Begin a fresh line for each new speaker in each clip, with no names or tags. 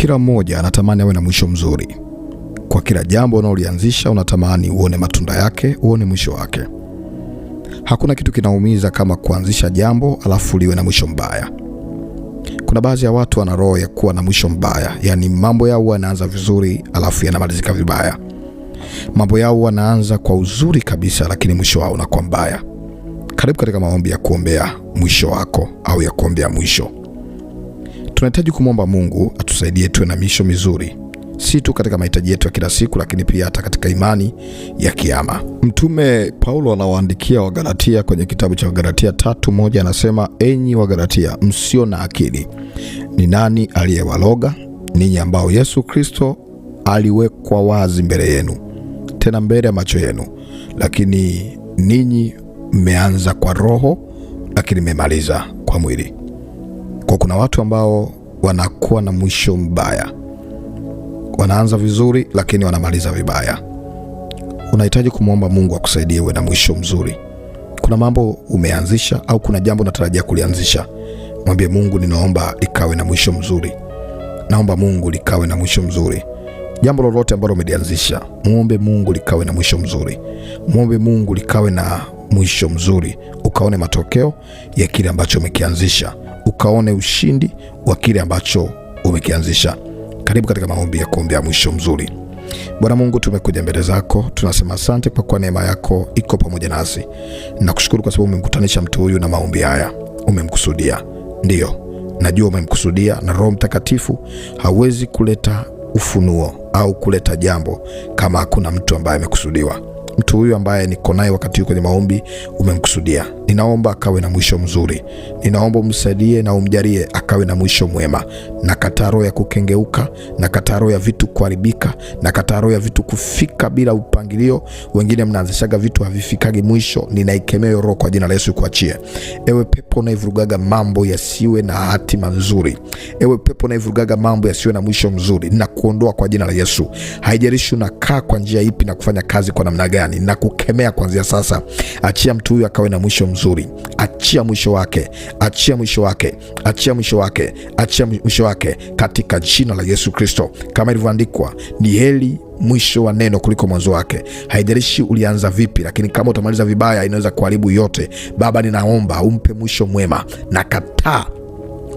Kila mmoja anatamani awe na mwisho mzuri. Kwa kila jambo unaolianzisha unatamani uone matunda yake, uone mwisho wake. Hakuna kitu kinaumiza kama kuanzisha jambo alafu liwe na mwisho mbaya. Kuna baadhi ya watu wana roho ya kuwa na mwisho mbaya, yaani mambo yao yanaanza vizuri alafu yanamalizika vibaya. Mambo yao wanaanza kwa uzuri kabisa, lakini mwisho wao unakuwa mbaya. Karibu katika maombi ya kuombea mwisho wako au ya kuombea mwisho. Tunahitaji kumwomba Mungu atusaidie tuwe na misho mizuri, si tu katika mahitaji yetu ya kila siku, lakini pia hata katika imani ya kiama. Mtume Paulo anawaandikia Wagalatia kwenye kitabu cha Wagalatia tatu moja, anasema enyi Wagalatia msio na akili, ni nani aliyewaloga ninyi ambao Yesu Kristo aliwekwa wazi mbele yenu, tena mbele ya macho yenu? Lakini ninyi mmeanza kwa roho, lakini mmemaliza kwa mwili kwa kuna watu ambao wanakuwa na mwisho mbaya, wanaanza vizuri lakini wanamaliza vibaya. Unahitaji kumwomba Mungu akusaidie uwe na mwisho mzuri. Kuna mambo umeanzisha au kuna jambo unatarajia kulianzisha, mwambie Mungu, ninaomba likawe na mwisho mzuri, naomba Mungu likawe na mwisho mzuri. Jambo lolote ambalo umelianzisha, muombe Mungu likawe na mwisho mzuri, muombe Mungu likawe na mwisho mzuri, ukaone matokeo ya kile ambacho umekianzisha ukaone ushindi wa kile ambacho umekianzisha. Karibu katika maombi ya kuombea mwisho mzuri. Bwana Mungu, tumekuja mbele zako, tunasema asante kwa kuwa neema yako iko pamoja nasi. Nakushukuru kwa sababu umemkutanisha mtu huyu na maombi haya, umemkusudia. Ndiyo, najua umemkusudia, na Roho Mtakatifu hawezi kuleta ufunuo au kuleta jambo kama hakuna mtu ambaye amekusudiwa mtu huyu ambaye niko naye wakati huu kwenye maombi umemkusudia. Ninaomba akawe na mwisho mzuri, ninaomba umsaidie na umjalie akawe na mwisho mwema. Na kataro ya kukengeuka, na kataro ya vitu kuharibika, na kataro ya vitu kufika bila upangilio. Wengine mnaanzishaga vitu havifikagi mwisho, ninaikemea roho kwa jina la Yesu, kuachie. Ewe pepo naivurugaga mambo yasiwe na hatima nzuri, ewe pepo naivurugaga mambo yasiwe na mwisho mzuri, ninakuondoa kwa jina la Yesu. Haijalishi unakaa kwa njia ipi na kufanya kazi kwa namna gani duniani na kukemea kuanzia sasa. Achia mtu huyu akawe na mwisho mzuri, achia mwisho wake, achia mwisho wake, achia mwisho wake, achia mwisho wake katika jina la Yesu Kristo, kama ilivyoandikwa, ni heri mwisho wa neno kuliko mwanzo wake. Haijalishi ulianza vipi, lakini kama utamaliza vibaya inaweza kuharibu yote. Baba, ninaomba umpe mwisho mwema na kataa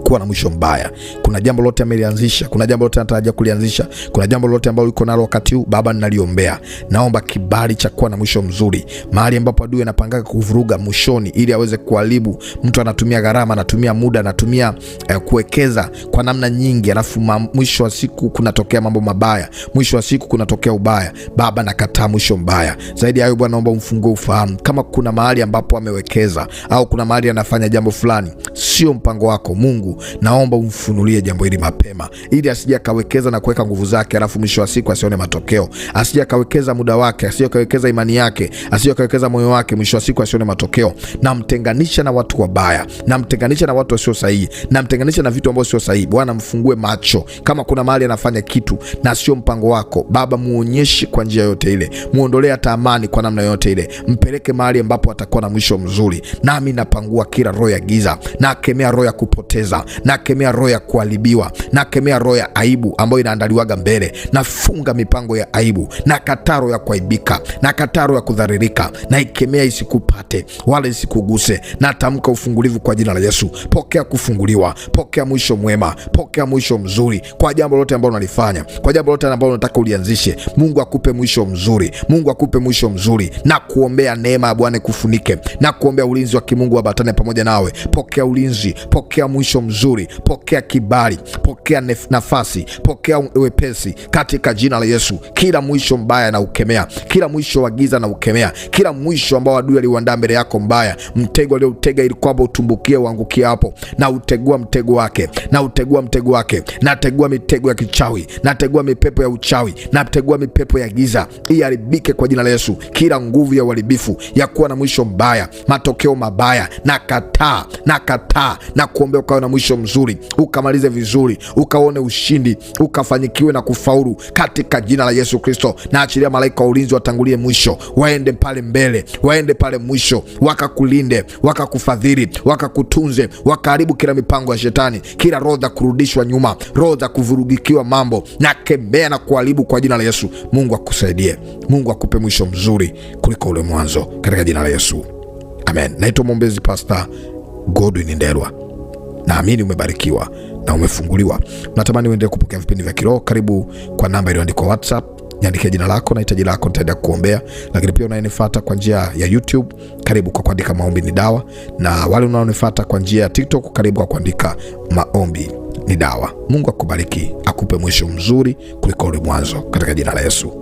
kuwa na mwisho mbaya. Kuna jambo lote amelianzisha, kuna jambo lote anatarajia kulianzisha, kuna jambo lote ambalo uko nalo wakati huu, Baba ninaliombea, naomba kibali cha kuwa na mwisho mzuri. Mahali ambapo adui anapangaka kuvuruga mwishoni, ili aweze kuharibu, mtu anatumia gharama, anatumia muda, anatumia eh, kuwekeza kwa namna nyingi, alafu mwisho wa siku kunatokea mambo mabaya, mwisho wa siku kunatokea ubaya. Baba nakataa mwisho mbaya. Zaidi ya hayo, Bwana naomba umfungue ufahamu, kama kuna mahali ambapo amewekeza au kuna mahali anafanya jambo fulani sio mpango wako Mungu Mungu, naomba umfunulie jambo hili mapema, ili asije akawekeza na kuweka nguvu zake, alafu mwisho wa siku asione matokeo. Asije akawekeza muda wake, asije akawekeza imani yake, asije akawekeza moyo wake, mwisho wa siku asione matokeo. Namtenganisha na watu wabaya, namtenganisha na watu wasio sahihi, namtenganisha na vitu ambavyo sio sahihi. Bwana, mfungue macho, kama kuna mahali anafanya kitu na sio mpango wako Baba, muonyeshe kwa njia yote ile, muondolee hata amani kwa namna yote ile, mpeleke mahali ambapo atakuwa na mwisho mzuri. Nami napangua kila roho ya giza, nakemea roho ya kupoteza, nakemea roho ya kuharibiwa, nakemea roho ya aibu ambayo inaandaliwaga mbele, nafunga mipango ya aibu, nakataa roho ya kuaibika, nakataa roho ya kudharirika, naikemea isikupate wala isikuguse. Natamka ufungulivu kwa jina la Yesu. Pokea kufunguliwa, pokea mwisho mwema, pokea mwisho mzuri kwa jambo lote ambalo unalifanya, kwa jambo lote ambalo unataka ulianzishe. Mungu akupe mwisho mzuri, Mungu akupe mwisho mzuri. Na kuombea neema ya Bwana kufunike, na kuombea ulinzi wa kimungu wabatane pamoja nawe. Pokea ulinzi, pokea mwisho mzuri mzuri, pokea kibali, pokea nafasi, pokea wepesi katika jina la Yesu. Kila mwisho mbaya na ukemea, kila mwisho wa giza na ukemea, kila mwisho ambao adui aliuandaa mbele yako mbaya, mtego alioutega ili kwamba utumbukie uangukie hapo, na utegua mtego wake, na utegua mtego wake, nategua mitego ya kichawi, nategua mipepo ya uchawi, nategua mipepo ya giza, iharibike kwa jina la Yesu. Kila nguvu ya uharibifu ya kuwa na mwisho mbaya, matokeo mabaya, na kataa, na kuombea ukawe na mwisho mwisho mzuri, ukamalize vizuri, ukaone ushindi, ukafanyikiwe na kufaulu katika jina la Yesu Kristo. Na achilia malaika wa ulinzi watangulie mwisho, waende pale mbele, waende pale mwisho, wakakulinde, wakakufadhili, wakakutunze, wakaharibu kila mipango ya shetani, kila roho za kurudishwa nyuma, roho za kuvurugikiwa mambo, na kemea na kuharibu kwa jina la Yesu. Mungu akusaidie, Mungu akupe mwisho mzuri kuliko ule mwanzo katika jina la Yesu. Amen. Naitwa mwombezi Pastor Godwin Ndelwa. Naamini umebarikiwa na umefunguliwa. Natamani uendelee kupokea vipindi vya kiroho. Karibu kwa namba iliyoandikwa WhatsApp, niandikia jina lako na hitaji lako, nitaenda kuombea. Lakini pia unayenifata kwa njia ya YouTube, karibu kwa kuandika maombi ni dawa, na wale unaonifata kwa njia ya TikTok, karibu kwa kuandika maombi ni dawa. Mungu akubariki, akupe mwisho mzuri kuliko ule mwanzo, katika jina la Yesu.